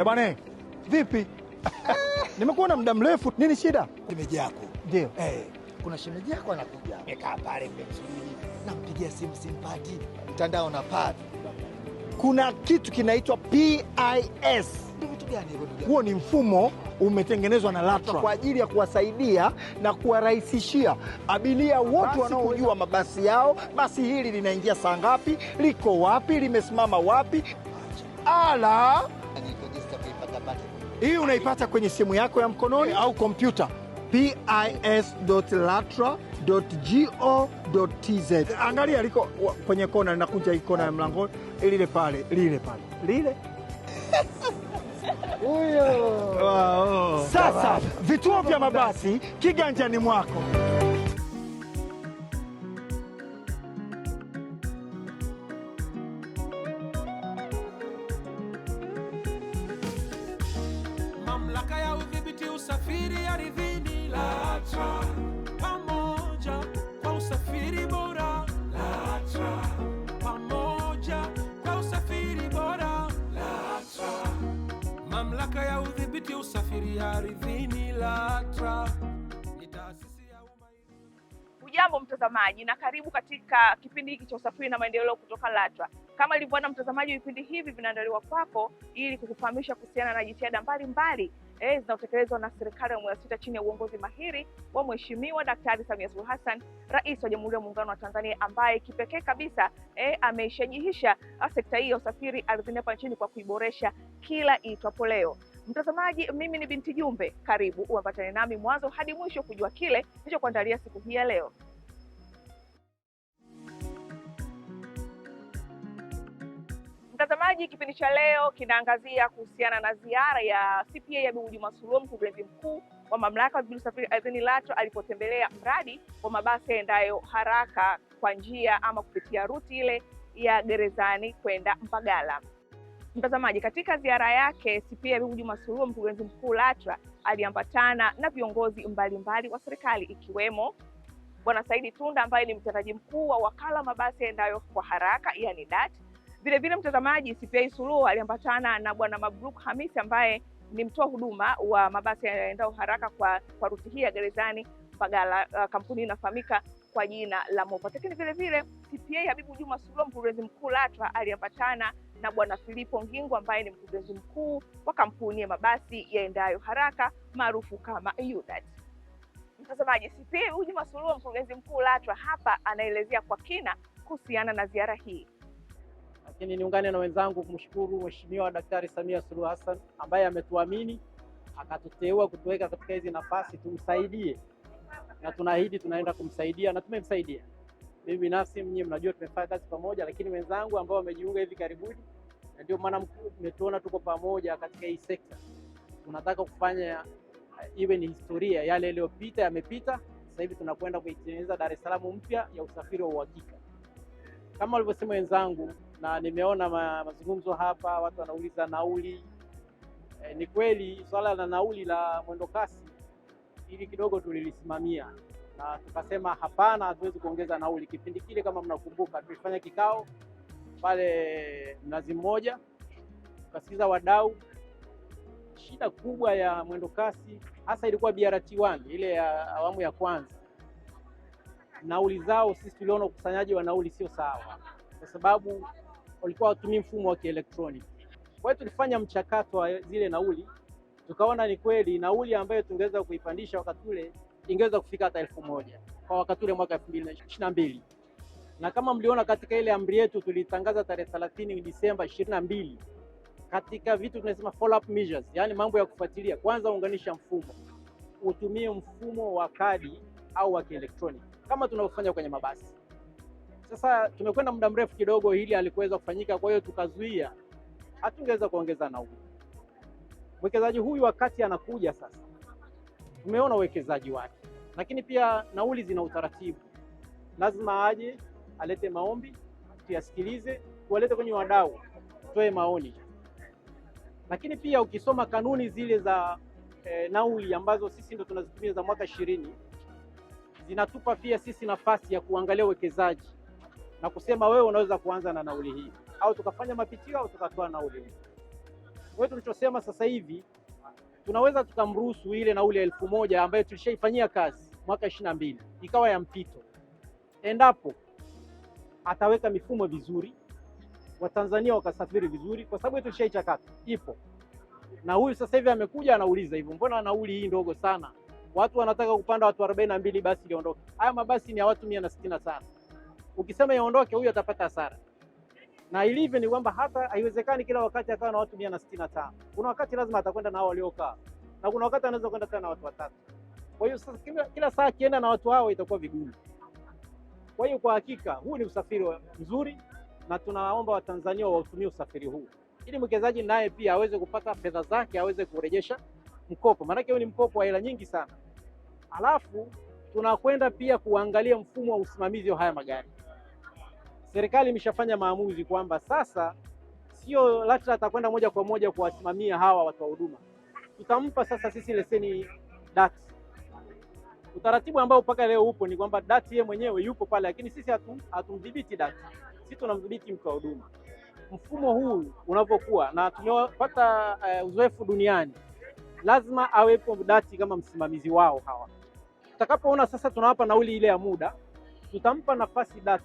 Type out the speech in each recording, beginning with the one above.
Eh bwana, vipi? Nimekuona muda mrefu, nini shida? Shemeji yako. Ndio. Eh, kuna shemeji yako anakuja. Nikaa pale mmemsubiri. Nampigia simu simpati. Mtandao na pad. Kuna kitu kinaitwa PIS. Kitu gani hiyo? Huo ni mfumo umetengenezwa na LATRA kwa ajili ya kuwasaidia na kuwarahisishia abiria wote wanaojua mabasi yao, basi hili linaingia saa ngapi, liko wapi, limesimama wapi, ala hii unaipata kwenye simu yako ya mkononi au kompyuta pis.latra.go.tz. Angalia liko kwenye kona, linakuja hii kona ya mlango lile pale, lile pale, lile huyo. Sasa vituo vya mabasi kiganjani mwako. mtazamaji na karibu katika kipindi hiki cha usafiri na maendeleo kutoka LATRA. Kama ilivyoana mtazamaji, vipindi hivi vinaandaliwa kwako ili kukufahamisha kuhusiana na jitihada mbalimbali eh, zinazotekelezwa na serikali ya awamu ya sita chini ya uongozi mahiri wa Mheshimiwa Daktari Samia Suluhu Hassan, Rais wa Jamhuri ya Muungano wa Tanzania, ambaye kipekee kabisa eh, ameishajihisha ah, sekta hii ya usafiri ardhini hapa nchini kwa kuiboresha kila iitwapo leo. Mtazamaji, mimi ni Binti Jumbe, karibu uambatane nami mwanzo hadi mwisho kujua kile nilichokuandalia siku hii ya leo. Mtazamaji, kipindi cha leo kinaangazia kuhusiana na ziara ya CPA ya Bibi Juma Sulum, mkurugenzi mkuu wa mamlaka ya udhibiti usafiri ardhini LATRA, alipotembelea mradi wa mabasi yaendayo haraka kwa njia ama kupitia ruti ile ya Gerezani kwenda Mpagala. Mtazamaji, katika ziara yake CPA ya Bibi Juma Sulum, mkurugenzi mkuu LATRA, aliambatana na viongozi mbalimbali wa serikali ikiwemo Bwana Saidi Tunda ambaye ni mtendaji mkuu wa wakala mabasi yaendayo kwa haraka yani DART Vilevile mtazamaji, CPA Suluhu aliambatana na Bwana Mabruk Hamis ambaye ni mtoa huduma wa mabasi yanayoendao haraka kwa, kwa ruti hii ya Gerezani uh, Kampuni inafahamika kwa jina la Mopa. Lakini vile vile CPA Habibu Juma Suluhu, mkurugenzi mkuu LATRA, aliambatana na Bwana Filipo Ngingo ambaye ni mkurugenzi mkuu wa kampuni ya mabasi yaendayo haraka maarufu kama UDAT. Mtazamaji, CPA Juma Suluhu, mkurugenzi mkuu LATRA, hapa anaelezea kwa kina kuhusiana na ziara hii lakini niungane na wenzangu kumshukuru Mheshimiwa Daktari Samia Suluhu Hassan ambaye ametuamini akatuteua kutuweka katika hizi nafasi tumsaidie, na tunaahidi tunaenda kumsaidia na tumemsaidia. Mimi binafsi, mnyi mnajua tumefanya kazi pamoja, lakini wenzangu ambao wamejiunga hivi karibuni, na ndio maana mmetuona tuko pamoja katika hii sekta. Tunataka kufanya eh, iwe ni historia, yale yaliyopita yamepita. Sasa hivi tunakwenda kuitengeneza Dar es Salaam mpya ya usafiri wa uhakika. Kama walivyosema wenzangu na nimeona ma, mazungumzo hapa, watu wanauliza nauli. E, ni kweli swala la nauli la mwendokasi hili kidogo tulilisimamia na tukasema hapana, hatuwezi kuongeza nauli. Kipindi kile kama mnakumbuka, tulifanya kikao pale Mnazi Mmoja, tukasikiza wadau. Shida kubwa ya mwendokasi hasa ilikuwa BRT1 ile ya awamu ya kwanza, nauli zao sisi tuliona ukusanyaji wa nauli sio sawa, kwa sababu walikuwa watumii mfumo wa kielektroniki. Kwa hiyo tulifanya mchakato wa zile nauli, tukaona ni kweli nauli ambayo tungeweza kuipandisha wakati ule ingeweza kufika hata elfu moja kwa wakati ule mwaka mbili na kama mliona katika ile amri yetu tulitangaza tarehe 30 Disemba 22 katika vitu tunasema follow up measures, yani mambo ya kufuatilia. Kwanza unganisha mfumo, utumie mfumo wa kadi au wa kielektroniki kama tunavyofanya kwenye mabasi. Sasa tumekwenda muda mrefu kidogo, hili alikuweza kufanyika, kwa hiyo tukazuia, hatungeweza kuongeza nauli. Mwekezaji huyu wakati anakuja sasa, tumeona uwekezaji wake, lakini pia nauli zina utaratibu, lazima aje alete maombi, tuyasikilize, tuwalete kwenye wadau, tutoe maoni. Lakini pia ukisoma kanuni zile za e, nauli ambazo sisi ndo tunazitumia za mwaka ishirini zinatupa pia sisi nafasi ya kuangalia uwekezaji na kusema wewe unaweza kuanza na nauli hii, au tukafanya mapitio au tukatoa nauli hii. Kwa hiyo tulichosema sasa hivi tunaweza tukamruhusu ile nauli ya elfu moja ambayo tulishaifanyia kazi mwaka ishirini na mbili ikawa ya mpito, endapo ataweka mifumo vizuri, Watanzania wakasafiri vizuri, kwa sababu tulishaichakata ipo. Na huyu sasa hivi amekuja anauliza hivyo, mbona nauli hii ndogo sana? Watu wanataka kupanda watu arobaini na mbili basi liondoke. Haya mabasi ni ya watu mia na sitini na tano. Ukisema yaondoke huyu atapata hasara, na ilivyo ni kwamba hata haiwezekani kila wakati akawa na watu 165. Kuna wakati lazima atakwenda na hao waliokaa, na kuna wakati anaweza kwenda tena na watu watatu. Kwa hiyo sasa kila, kila saa akienda na watu hao itakuwa vigumu. Kwa hiyo kwa hakika huu ni usafiri mzuri, na tunawaomba Watanzania wautumie usafiri huu ili mwekezaji naye pia aweze kupata fedha zake, aweze kurejesha mkopo, maanake huu ni mkopo wa hela nyingi sana. Alafu tunakwenda pia kuangalia mfumo wa usimamizi wa haya magari serikali imeshafanya maamuzi kwamba sasa sio LATRA atakwenda moja kwa moja kuwasimamia hawa watu wa huduma, tutampa sasa sisi leseni dati Utaratibu ambao mpaka leo upo ni kwamba dati yeye mwenyewe yupo pale, lakini sisi hatumdhibiti dati sisi tunamdhibiti mtu wa huduma. Mfumo huu unavyokuwa na tumepata uh, uzoefu duniani, lazima awepo dati kama msimamizi wao hawa. Tutakapoona sasa tunawapa nauli ile ya muda, tutampa nafasi DART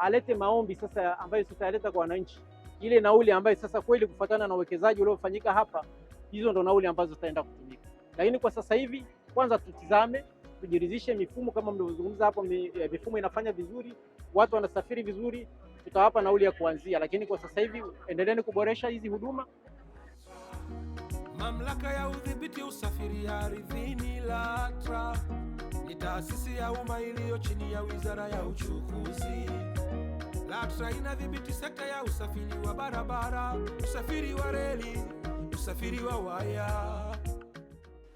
alete maombi sasa ambayo sasa yaleta kwa wananchi ile nauli ambayo sasa kweli kufuatana na uwekezaji uliofanyika hapa, hizo ndo nauli ambazo zitaenda kutumika. Lakini kwa sasa hivi kwanza tutizame, tujiridhishe mifumo kama mlivyozungumza hapo, eh, mifumo inafanya vizuri, watu wanasafiri vizuri, tutawapa nauli ya kuanzia. Lakini kwa sasa hivi endeleeni kuboresha hizi huduma. Mamlaka ya udhibiti usafiri ya ardhini LATRA ni taasisi ya umma iliyo chini ya Wizara ya Uchukuzi. LATRA inadhibiti sekta ya usafiri wa barabara, usafiri wa reli, usafiri wa waya.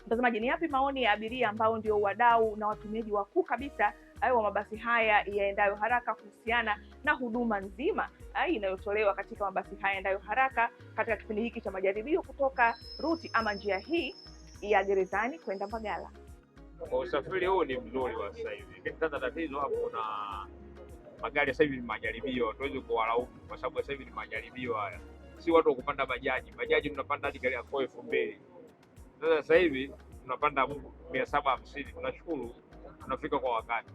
Mtazamaji, ni yapi maoni ya abiria ambao ndio wadau na watumiaji wakuu kabisa eh, wa mabasi haya yaendayo haraka kuhusiana na huduma nzima eh, inayotolewa katika mabasi haya yaendayo haraka katika kipindi hiki cha majaribio kutoka ruti ama njia hii ya Gerezani kwenda Mbagala? Kwa usafiri huu ni mzuri wa sasa hivi. Sasa tatizo hapo kuna magari sasa hivi ni majaribio, hatuwezi kuwalaumu kwa sababu sasa hivi ni majaribio haya, si watu wa kupanda bajaji. Bajaji tunapanda hadi gari yako elfu mbili sasa, sasa hivi tunapanda mia saba hamsini tunashukuru tunafika kwa wakati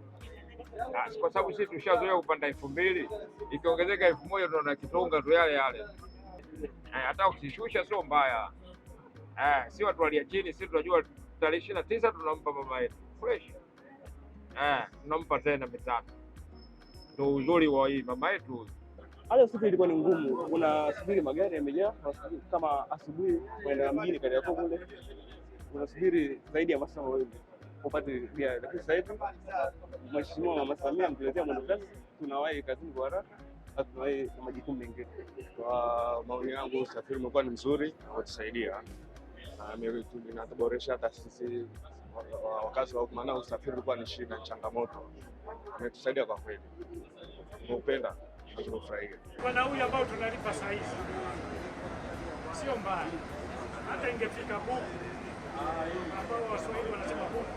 na, kwa sababu sisi tushazoea kupanda elfu mbili ikiongezeka elfu moja tunaona kitonga tu yale yale. Eh, hata ukishusha sio mbaya, eh, si watu walia chini. Sisi tunajua tarehe ishirini na tisa tunampa mama yetu fresh, eh, tunampa tena mitatu ndo uzuri wa hii mama yetu huyu. Hali siku ilikuwa ni ngumu, kuna subiri magari yamejaa, kama asubuhi kwenda mjini kati yako kule, unasubiri zaidi ya masaa mawili upate gari, lakini sasa hivi Mheshimiwa Mama Samia ametuletea mwendokasi, tunawahi kazini kwa haraka na tunawahi na majukumu mengine. Kwa maoni yangu, usafiri umekuwa ni mzuri, umetusaidia hata sisi wakazi wa maana usafiri ulikuwa ni shida, changamoto ametusaidia kwa kweli, tumeupenda na tumeufurahia. Bwana huyu ambao tunalipa saa hizi sio mbaya, hata ingefika buku ambao waswahili wanasema buku,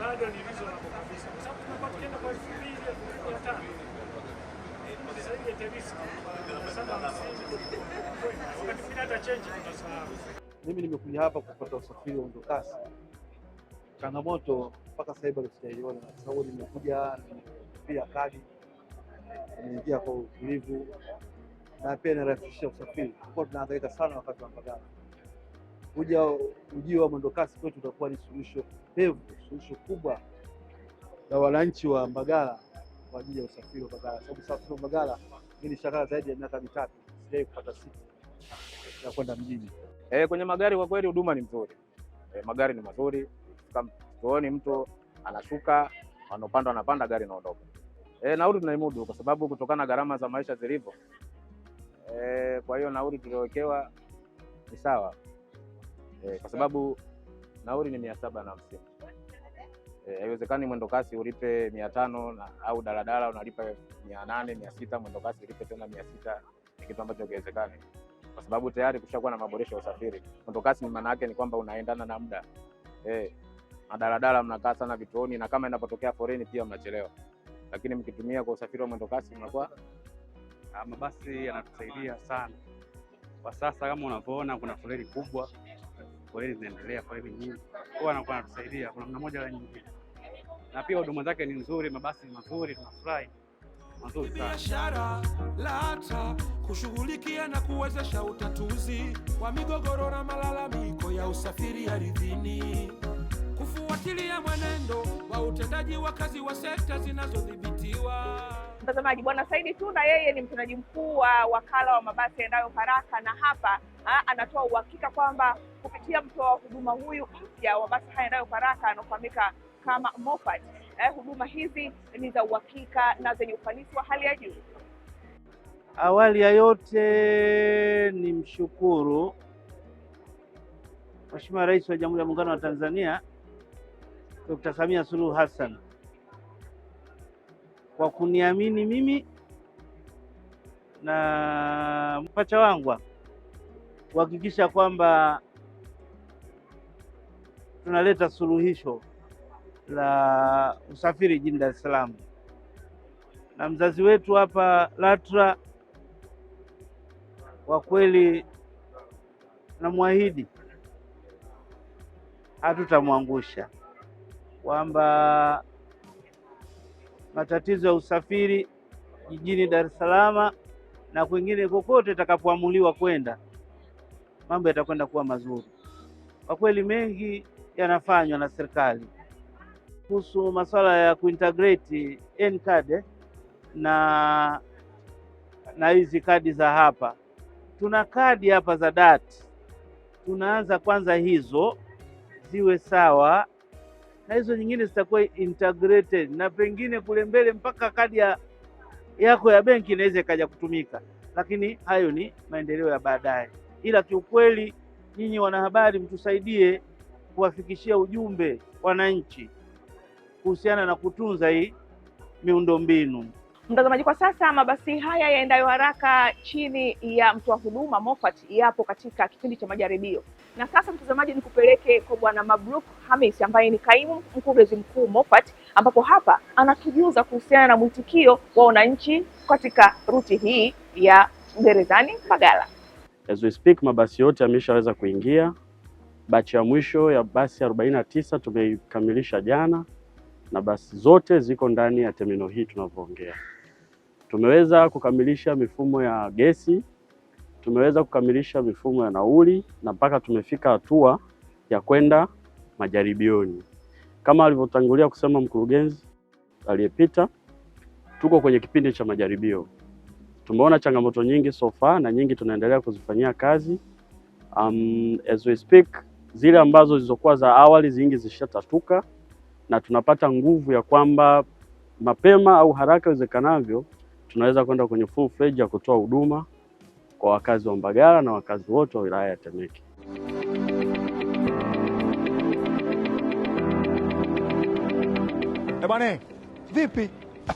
bado ni reasonable kabisa, kwa sababu tumekuwa tukienda kwa elfu mbili elfu mbili mia tano sasa eterisi sana hamsini, wakati mwingine hata chenji tunasahau. Mimi nimekuja hapa kupata usafiri wa mwendokasi, changamoto mpaka sasa hivi sijaiona, kwa sababu nimekuja pia kali, nimeingia kwa utulivu na pia inarahisisha usafiri. Tulikuwa tunahangaika sana wakati wa mpakani. Kuja ujio wa mwendokasi kwetu utakuwa ni suluhisho pevu, suluhisho kubwa la wananchi wa Mbagala kwa ajili ya usafiri wa Mbagala, sababu usafiri wa Mbagala mimi nishakaa zaidi ya miaka mitatu sijai kupata siku ya kwenda mjini. Eh, kwenye magari kwa kweli huduma ni nzuri. Eh, magari ni mazuri kwa hiyo ni mtu anashuka, anapanda anapanda, gari inaondoka. E, nauli tunaimudu kwa sababu kutokana na gharama za maisha zilivyo. E, kwa hiyo nauli tuliowekewa ni sawa e, kwa sababu nauli ni mia saba na hamsini. Haiwezekani e, mwendo kasi ulipe mia tano au daladala unalipa mia nane mia sita mwendo kasi ulipe tena mia sita ni kitu ambacho kiwezekani kwa sababu tayari kushakuwa na maboresho ya usafiri. Mwendo kasi maana yake ni kwamba unaendana na muda e madaladala mnakaa sana vituoni, na kama inapotokea foreni pia mnachelewa, lakini mkitumia kwa usafiri wa mwendokasi mnakuwa. Ah, mabasi yanatusaidia sana kwa sasa, kama unavyoona kuna foleni kubwa, foleni zinaendelea, foleni nyingi, kwa anakuwa anatusaidia kuna namna moja la nyingine, na pia huduma zake ni nzuri, mabasi ni mazuri, tunafurahi mazuri sana. Biashara lata kushughulikia na kuwezesha utatuzi wa migogoro na malalamiko ya usafiri ardhini kufuatilia mwenendo wa utendaji wa kazi wa sekta zinazodhibitiwa. Mtazamaji, Bwana Saidi na yeye ni mtendaji mkuu wa wakala wa mabasi yaendayo Haraka, na hapa ha, anatoa uhakika kwamba kupitia mtoa huduma huyu mpya wa mabasi haya yaendayo Haraka anaofahamika kama Moped eh, huduma hizi ni za uhakika na zenye ufanisi wa hali ya juu. Awali ya yote ni mshukuru Mheshimiwa Rais wa Jamhuri ya Muungano wa Tanzania Dr. Samia Suluhu Hassan kwa kuniamini mimi na mpacha wangu kuhakikisha kwamba tunaleta suluhisho la usafiri jijini Dar es Salaam, na mzazi wetu hapa LATRA kwa kweli namwahidi hatutamwangusha kwamba matatizo ya usafiri jijini Dar es Salaam na kwingine kokote itakapoamuliwa kwenda, mambo yatakwenda kuwa mazuri. Kwa kweli mengi yanafanywa na serikali kuhusu masuala ya kuintegrate N-card eh, na na hizi kadi za hapa. Tuna kadi hapa za dati, tunaanza kwanza hizo ziwe sawa na hizo nyingine zitakuwa integrated, na pengine kule mbele mpaka kadi ya yako ya benki inaweza ikaja kutumika, lakini hayo ni maendeleo ya baadaye. Ila kiukweli, nyinyi wanahabari, mtusaidie kuwafikishia ujumbe wananchi kuhusiana na kutunza hii miundombinu. Mtazamaji, kwa sasa mabasi haya yaendayo haraka chini ya mtoa huduma Mofat yapo katika kipindi cha majaribio, na sasa mtazamaji, ni kupeleke kwa bwana Mabruk Hamis ambaye ni kaimu mkurugenzi mkuu Mofat, ambapo hapa anatujuza kuhusiana na mwitikio wa wananchi katika ruti hii ya Gerezani Mbagala. As we speak, mabasi yote yameshaweza kuingia. Bachi ya mwisho ya basi 49 tumeikamilisha jana na basi zote ziko ndani ya terminal hii tunavyoongea. Tumeweza kukamilisha mifumo ya gesi, tumeweza kukamilisha mifumo ya nauli na mpaka tumefika hatua ya kwenda majaribioni. Kama alivyotangulia kusema mkurugenzi aliyepita, tuko kwenye kipindi cha majaribio. Tumeona changamoto nyingi so far na nyingi tunaendelea kuzifanyia kazi. Um, as we speak, zile ambazo zilizokuwa za awali zingi zishatatuka na tunapata nguvu ya kwamba mapema au haraka iwezekanavyo tunaweza kwenda kwenye full fledge ya kutoa huduma kwa wakazi wa Mbagala na wakazi wote wa wilaya ya Temeke. Eh, bwana vipi?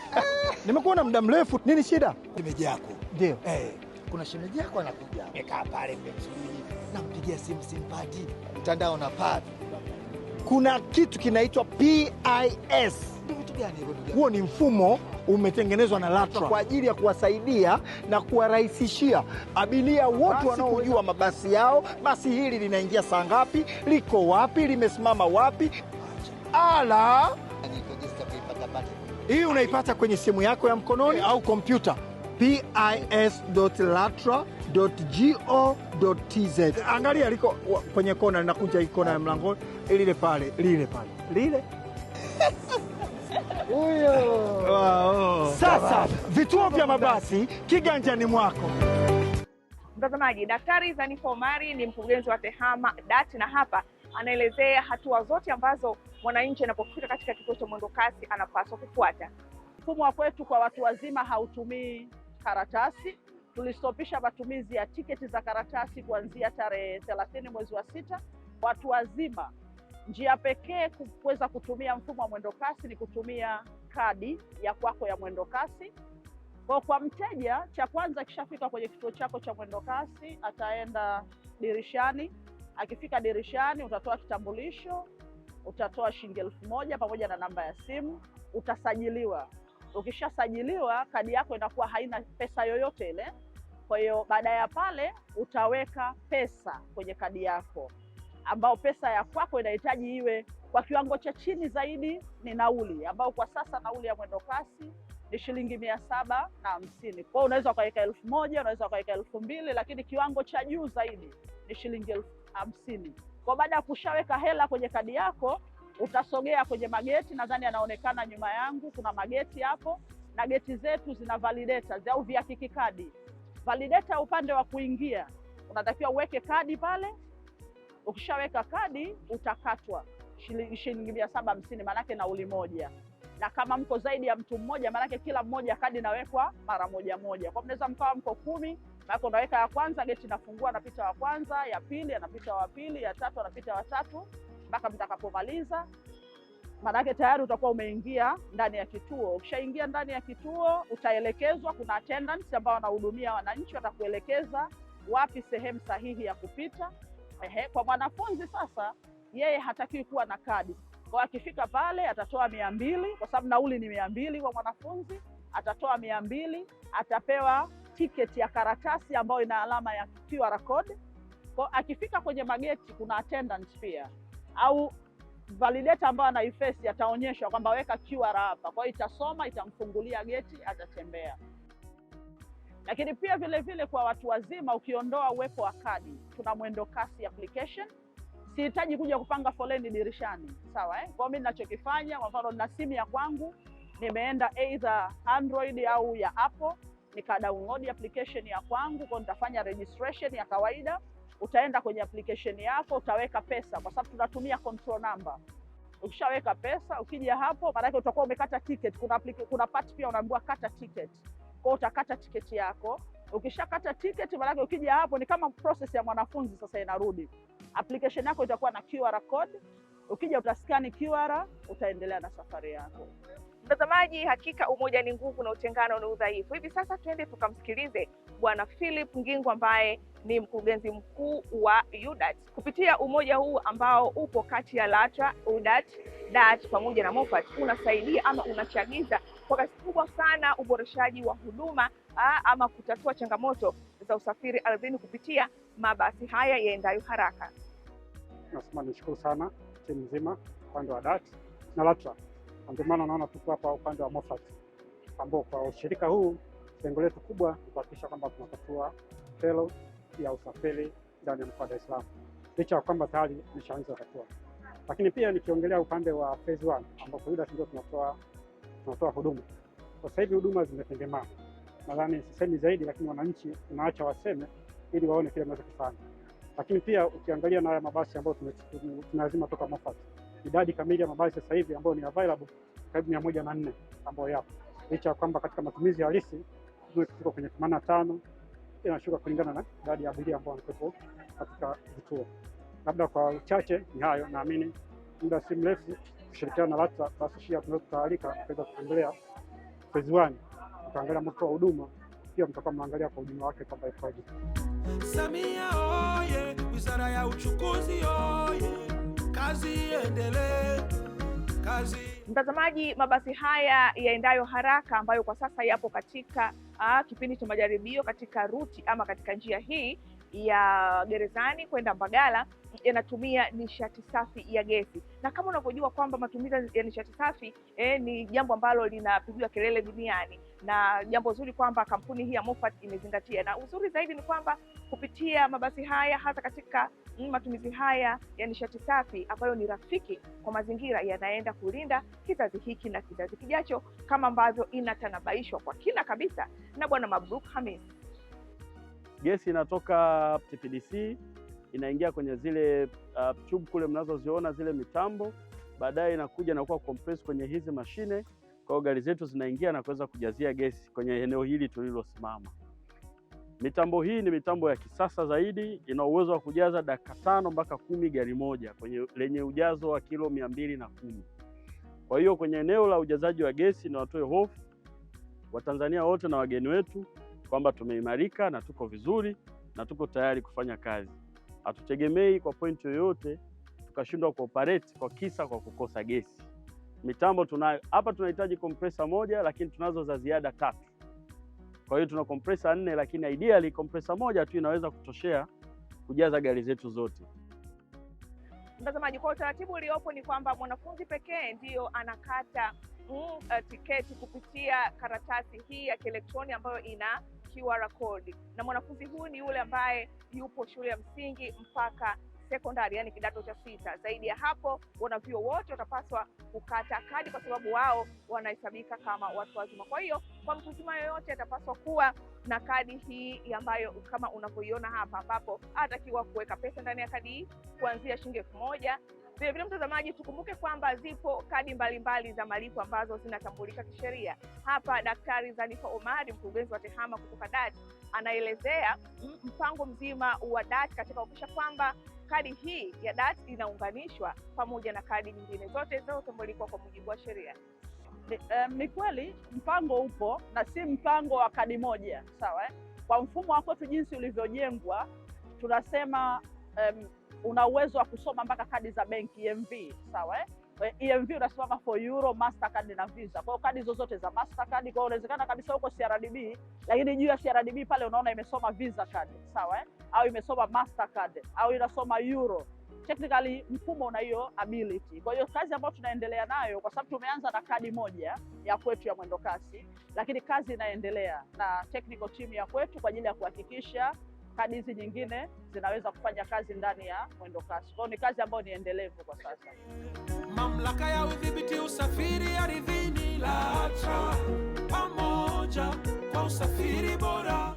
Nimekuona muda mrefu, nini shida? Shemeji yako. Ndio. Eh, kuna shemeji yako anakuja. Nimekaa pale pembeni, nampigia simu simpati, mtandao na pad. Kuna kitu kinaitwa PIS kitu gani Huo ni mfumo umetengenezwa na LATRA kwa ajili ya kuwasaidia na kuwarahisishia abiria wote wanaojua mabasi yao, basi hili linaingia saa ngapi, liko wapi, limesimama wapi. Ala, hii unaipata kwenye simu yako ya mkononi au kompyuta pis.latra.go.tz. Angalia liko kwenye kona, linakunja ikona kona ya mlangoni, lile pale, lile pale, lile Wow. Sasa vituo vya mabasi kiganjani mwako. Mtazamaji, Daktari Zanifa Omari ni mkurugenzi wa TEHAMA DART na hapa anaelezea hatua zote ambazo mwananchi anapofika katika kituo cha mwendokasi anapaswa kufuata. Mfumo wa kwetu kwa watu wazima hautumii karatasi. Tulistopisha matumizi ya tiketi za karatasi kuanzia tarehe thelathini mwezi wa sita. Watu wazima Njia pekee kuweza kutumia mfumo wa mwendokasi ni kutumia kadi ya kwako ya mwendokasi. Kwa kwa mteja, cha kwanza akishafika kwenye kituo chako cha mwendokasi, ataenda dirishani. Akifika dirishani, utatoa kitambulisho, utatoa shilingi elfu moja pamoja na namba ya simu, utasajiliwa. Ukishasajiliwa, kadi yako inakuwa haina pesa yoyote ile. Kwa hiyo baada ya pale, utaweka pesa kwenye kadi yako ambao pesa ya kwako inahitaji iwe kwa kiwango cha chini zaidi ni nauli, ambao kwa sasa nauli ya mwendo kasi ni shilingi mia saba na hamsini. Kwa hiyo unaweza ukaweka elfu moja unaweza ukaweka elfu mbili lakini kiwango cha juu zaidi ni shilingi elfu hamsini. Kwa baada ya kushaweka hela kwenye kadi yako, utasogea kwenye mageti. Nadhani yanaonekana nyuma yangu, kuna mageti hapo, na geti zetu zina validators au vihakiki kadi. Validator upande wa kuingia, unatakiwa uweke kadi pale Ukishaweka kadi utakatwa shilingi mia saba hamsini maanake nauli moja, na kama mko zaidi ya mtu mmoja, maanake kila mmoja kadi nawekwa mara moja moja, kwa mnaweza mkawa mko kumi, maanake unaweka ya kwanza, geti nafungua anapita wa kwanza, ya pili anapita wa pili, ya tatu anapita wa tatu, mpaka mtakapomaliza maanake tayari utakuwa umeingia ndani ya kituo. Ukishaingia ndani ya kituo utaelekezwa, kuna attendants ambao wanahudumia wananchi, watakuelekeza wapi sehemu sahihi ya kupita. Ehe, kwa mwanafunzi sasa yeye hatakiwi kuwa na kadi. Kwa akifika pale atatoa mia mbili kwa sababu nauli ni mia mbili kwa mwanafunzi, atatoa mia mbili atapewa tiketi ya karatasi ambayo ina alama ya QR code. Kwa akifika kwenye mageti kuna attendant pia au validator ambayo anaiface ataonyeshwa kwamba weka QR hapa, kwa hiyo itasoma, itamfungulia geti, atatembea. Lakini pia vile vile kwa watu wazima, ukiondoa uwepo wa kadi, tuna mwendo kasi application. Sihitaji kuja kupanga foleni dirishani, sawa eh? Kwa mimi ninachokifanya, kwa mfano nina simu ya kwangu, nimeenda either Android au ya Apple, nika download application ya kwangu, kwa nitafanya registration ya kawaida. Utaenda kwenye application yako, utaweka pesa, kwa sababu tunatumia control number Ukishaweka pesa ukija hapo, maanake utakuwa umekata ticket. Kuna, kuna part pia unaambiwa kata ticket kwao, utakata tiketi yako. Ukishakata tiketi, maanake ukija hapo ni kama process ya mwanafunzi sasa inarudi. Application yako itakuwa na QR code, ukija utaskani QR, utaendelea na safari yako. Mtazamaji, hakika umoja ni nguvu na utengano ni udhaifu. Hivi sasa tuende tukamsikilize Bwana Philip Ngingu ambaye ni mkurugenzi mkuu wa UDART. Kupitia umoja huu ambao upo kati ya LATRA, UDAT, pamoja na MOFAT, unasaidia ama unachagiza kwa kasi kubwa sana uboreshaji wa huduma ama kutatua changamoto za usafiri ardhini kupitia mabasi haya yaendayo haraka. Nasema nishukuru sana timu nzima upande wa DART na LATRA, ndio maana naona tuko hapa upande wa Moffat, ambao kwa ushirika huu lengo letu kubwa ni kuhakikisha kwamba tunatatua kero ya usafiri ndani ya mkoa wa Dar es Salaam, licha ya kwamba tayari imeshaanza hatua, lakini pia nikiongelea upande wa phase 1 ambapo ndio tunatoa tunatoa huduma. Sasa hivi huduma zimetengemana, nadhani sisemi zaidi, lakini wananchi tunaacha waseme ili waone kile tunachokifanya. Lakini pia ukiangalia na haya mabasi ambayo tunalazima toka Moffat, idadi kamili ya mabasi sasa hivi ambayo ni available karibu mia moja na nne ambayo yapo, licha ya kwamba katika matumizi halisi tuko kwenye themanini na tano inashuka kulingana na idadi ya abiria ambao wanakuwepo katika vituo. Labda kwa uchache ni hayo, naamini muda si mrefu kushirikiana na LATRA basi tunaweza kutawalika kuweza kutembelea Feziwani, mkaangalia wa huduma pia, mtakuwa mnaangalia kwa huduma wake kwamba ikoje. Samia oye! Wizara ya Uchukuzi oye! Kazi iendelee, kazi Mtazamaji, mabasi haya yaendayo haraka ambayo kwa sasa yapo katika aa, ah, kipindi cha majaribio katika ruti ama katika njia hii ya Gerezani kwenda Mbagala yanatumia nishati safi ya gesi, na kama unavyojua kwamba matumizi ya nishati safi eh, ni jambo ambalo linapigiwa kelele duniani, na jambo zuri kwamba kampuni hii ya Moffat imezingatia, na uzuri zaidi ni kwamba kupitia mabasi haya hasa katika mm, matumizi haya ya nishati safi ambayo ni rafiki kwa mazingira yanaenda kulinda kizazi hiki na kizazi kijacho, kama ambavyo inatanabaishwa kwa kina kabisa na Bwana Mabruk Hamis. Gesi inatoka TPDC inaingia kwenye zile uh, tube kule mnazoziona zile mitambo, baadaye inakuja na kuwa compress kwenye hizi mashine. Kwa hiyo gari zetu zinaingia na kuweza kujazia gesi kwenye eneo hili tulilosimama. Mitambo hii ni mitambo ya kisasa zaidi, ina uwezo wa kujaza dakika tano mpaka kumi gari moja kwenye lenye ujazo wa kilo mia mbili na kumi. Kwa hiyo kwenye eneo la ujazaji wa gesi, na watoe hofu Watanzania wote na wageni wetu kwamba tumeimarika na tuko vizuri na tuko tayari kufanya kazi. Hatutegemei kwa pointi yoyote tukashindwa kuoperate kwa kisa kwa kukosa gesi. Mitambo tunayo hapa, tunahitaji kompresa moja lakini tunazo za ziada tatu. Kwa hiyo tuna kompresa nne, lakini ideally kompresa moja tu inaweza kutoshea kujaza gari zetu zote. Mtazamaji, kwa utaratibu uliopo ni kwamba mwanafunzi pekee ndiyo anakata mm, uh, tiketi kupitia karatasi hii ya kielektroni ambayo ina QR code, na mwanafunzi huyu ni yule ambaye yupo shule ya msingi mpaka sekondari, yani kidato cha sita. Zaidi ya hapo, wanavyuo wote watapaswa kukata kadi, kwa sababu wao wanahesabika kama watu wazima. Kwa hiyo kwa mtu mzima yoyote atapaswa kuwa na kadi hii ambayo kama unavyoiona hapa, ambapo anatakiwa kuweka pesa ndani ya kadi hii kuanzia shilingi elfu moja Vilevile mtazamaji, tukumbuke kwamba zipo kadi mbalimbali za malipo ambazo zinatambulika kisheria. Hapa Daktari Zanifa Omari, mkurugenzi wa TEHAMA kutoka DART, anaelezea mpango mzima wa DART katika kuhakikisha kwamba kadi hii ya DART inaunganishwa pamoja na kadi nyingine zote zinazotambulikwa kwa mujibu wa sheria. Ni kweli mpango upo na si mpango wa kadi moja, sawa eh? Kwa mfumo wa kwetu jinsi ulivyojengwa tunasema um, una uwezo wa kusoma mpaka kadi za benki EMV, sawa eh? EMV eh, e unasimama for Euro, Mastercard na Visa. Kwa hiyo kadi zozote za Mastercard, kwa hiyo unawezekana kabisa huko CRDB, lakini juu ya CRDB pale unaona imesoma Visa card, sawa eh? Au imesoma Mastercard au inasoma Euro. Technically mfumo una hiyo ability. Kwa hiyo kazi ambayo tunaendelea nayo kwa sababu tumeanza na kadi moja ya kwetu ya mwendokasi, lakini kazi inaendelea na technical team ya kwetu kwa ajili ya kuhakikisha kadi hizi nyingine zinaweza kufanya kazi ndani ya mwendo kasi. Kwao ni kazi ambayo ni endelevu kwa sasa. Mamlaka ya Udhibiti Usafiri Ardhini LATRA, pamoja kwa usafiri bora.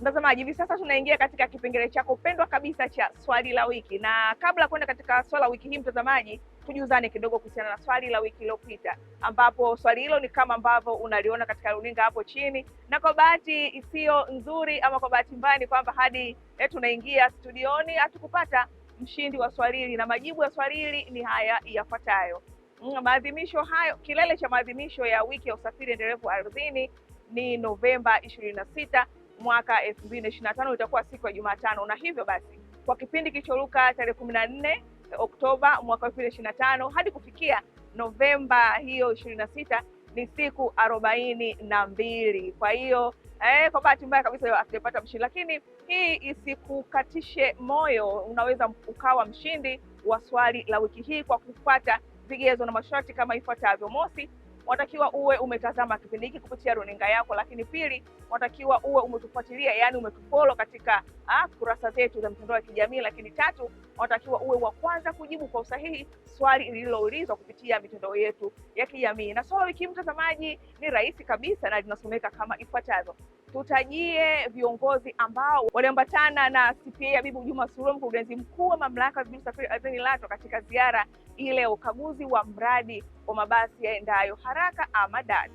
Mtazamaji, hivi sasa tunaingia katika kipengele chako pendwa kabisa cha swali la wiki, na kabla ya kwenda katika swali la wiki hii mtazamaji tujuzane kidogo kuhusiana na swali la wiki iliyopita, ambapo swali hilo ni kama ambavyo unaliona katika runinga hapo chini, na kwa bahati isiyo nzuri ama kwa bahati mbaya ni kwamba hadi eh, tunaingia studioni hatukupata mshindi wa swali hili, na majibu ya swali hili ni haya yafuatayo. Mm, maadhimisho hayo, kilele cha maadhimisho ya wiki ya usafiri endelevu ardhini ni Novemba ishirini na sita mwaka elfu mbili na ishirini na tano itakuwa siku ya Jumatano, na hivyo basi kwa kipindi kilichoruka tarehe kumi na nne Oktoba mwaka elfu mbili ishirini na tano hadi kufikia Novemba hiyo ishirini na sita ni siku arobaini na mbili. Kwa hiyo eh, kwa bahati mbaya kabisa hatujapata mshindi, lakini hii isikukatishe moyo. Unaweza ukawa mshindi wa swali la wiki hii kwa kufuata vigezo na masharti kama ifuatavyo: mosi, unatakiwa uwe umetazama kipindi hiki kupitia runinga yako, lakini pili, unatakiwa uwe umetufuatilia, yani umetufolo katika ah, kurasa zetu za mitandao ya kijamii, lakini tatu, unatakiwa uwe wa kwanza kujibu kwa usahihi swali lililoulizwa kupitia mitandao yetu ya kijamii. Na swali wiki, mtazamaji, ni rahisi kabisa na linasomeka kama ifuatavyo: tutajie viongozi ambao waliambatana na CPA Habibu Juma Suria, mkurugenzi mkuu wa mamlaka ya usafiri ardhini LATRA, katika ziara ile ya ukaguzi wa mradi wa mabasi yaendayo haraka ama DART.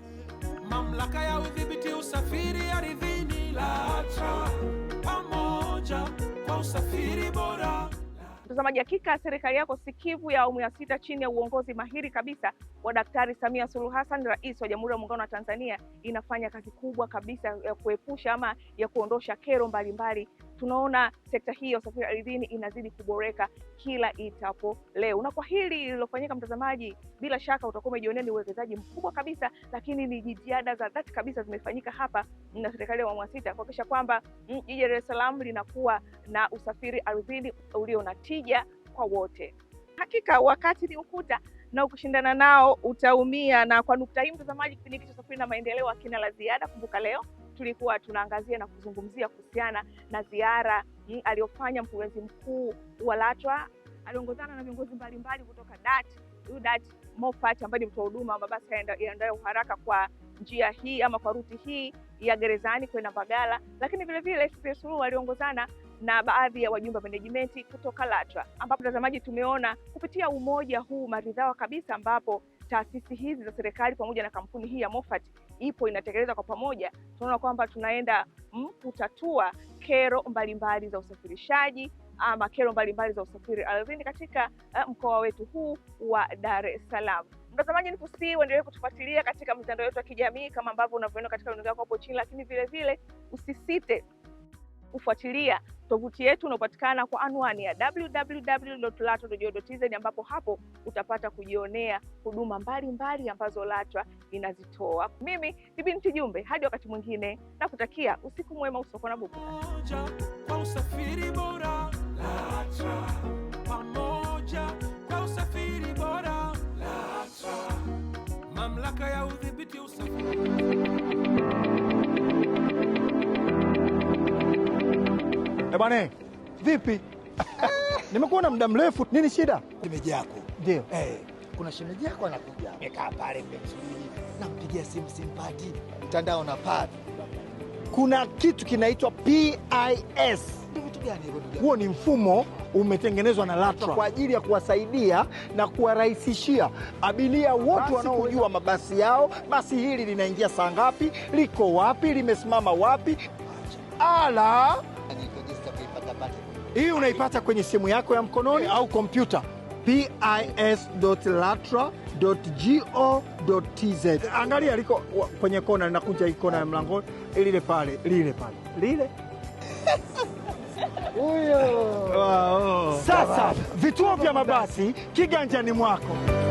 Mamlaka ya udhibiti usafiri ardhini LATRA, pamoja kwa usafiri bora. Mtazamaji, hakika serikali yako sikivu ya awamu ya sita chini ya uongozi mahiri kabisa wa Daktari Samia Suluhu Hassan, rais wa Jamhuri ya Muungano wa Tanzania, inafanya kazi kubwa kabisa ya kuepusha ama ya kuondosha kero mbalimbali mbali tunaona sekta hii ya usafiri ardhini inazidi kuboreka kila itapo leo. Na kwa hili lililofanyika, mtazamaji, bila shaka utakuwa umejionea ni uwekezaji mkubwa kabisa, lakini ni jitihada za dhati kabisa zimefanyika hapa na serikali ya awamu ya sita kuhakikisha kwamba mm, jiji la Dar es Salaam linakuwa na usafiri ardhini ulio na tija kwa wote. Hakika wakati ni ukuta na ukishindana nao utaumia. Na kwa nukta hii, mtazamaji, kipindi hiki cha usafiri na maendeleo hakina la ziada. Kumbuka leo tulikuwa tunaangazia na kuzungumzia kuhusiana na ziara mm, aliyofanya mkurugenzi mkuu wa LATRA. Aliongozana na viongozi mbalimbali kutoka DART, UDART, MOFAT ambaye ni mtoa huduma wa mabasi yaendayo haraka kwa njia hii ama kwa ruti hii ya Gerezani kwenda Mbagala, lakini vilevile Express waliongozana aliongozana na baadhi ya wajumbe wa menejimenti kutoka LATRA, ambapo mtazamaji, tumeona kupitia umoja huu maridhawa kabisa, ambapo taasisi hizi za serikali pamoja na kampuni hii ya Moffat ipo inatekelezwa kwa pamoja, tunaona kwamba tunaenda mm, kutatua kero mbalimbali mbali za usafirishaji ama kero mbalimbali za usafiri ardhini katika eh, mkoa wetu huu wa Dar es Salaam. Mtazamaji, kusii uendelee kutufuatilia katika mitandao yetu ya kijamii kama ambavyo unavyoona katika runinga yako hapo chini, lakini vilevile usisite kufuatilia Tovuti yetu unaopatikana kwa anwani ya www.latra.go.tz ambapo hapo utapata kujionea huduma mbalimbali ambazo LATRA inazitoa. Mimi ni Binti Jumbe, hadi wakati mwingine, na kutakia usiku mwema usiokuwa na bughudha. pamoja kwa usafiri bora LATRA, mamlaka ya udhibiti usafiri. Eh bwana, vipi? Nimekuona muda mrefu, nini shida? Shemeji yako. Ndio. Eh, kuna shemeji yako anakuja. Nimekaa pale nimemsubiri. Nampigia simu simpati. Mtandao na pati. Kuna kitu kinaitwa PIS. Kitu gani hiyo? Huo ni mfumo umetengenezwa na LATRA kwa ajili ya kuwasaidia na kuwarahisishia abiria wote wanaojua mabasi yao, basi hili linaingia saa ngapi, liko wapi, limesimama wapi, ala hii unaipata kwenye simu yako ya mkononi au kompyuta pis.latra.go.tz. Angalia liko kwenye kona, linakuja ikona ya mlango lile pale, lile pale, lile huyo. Sasa vituo vya mabasi kiganjani mwako.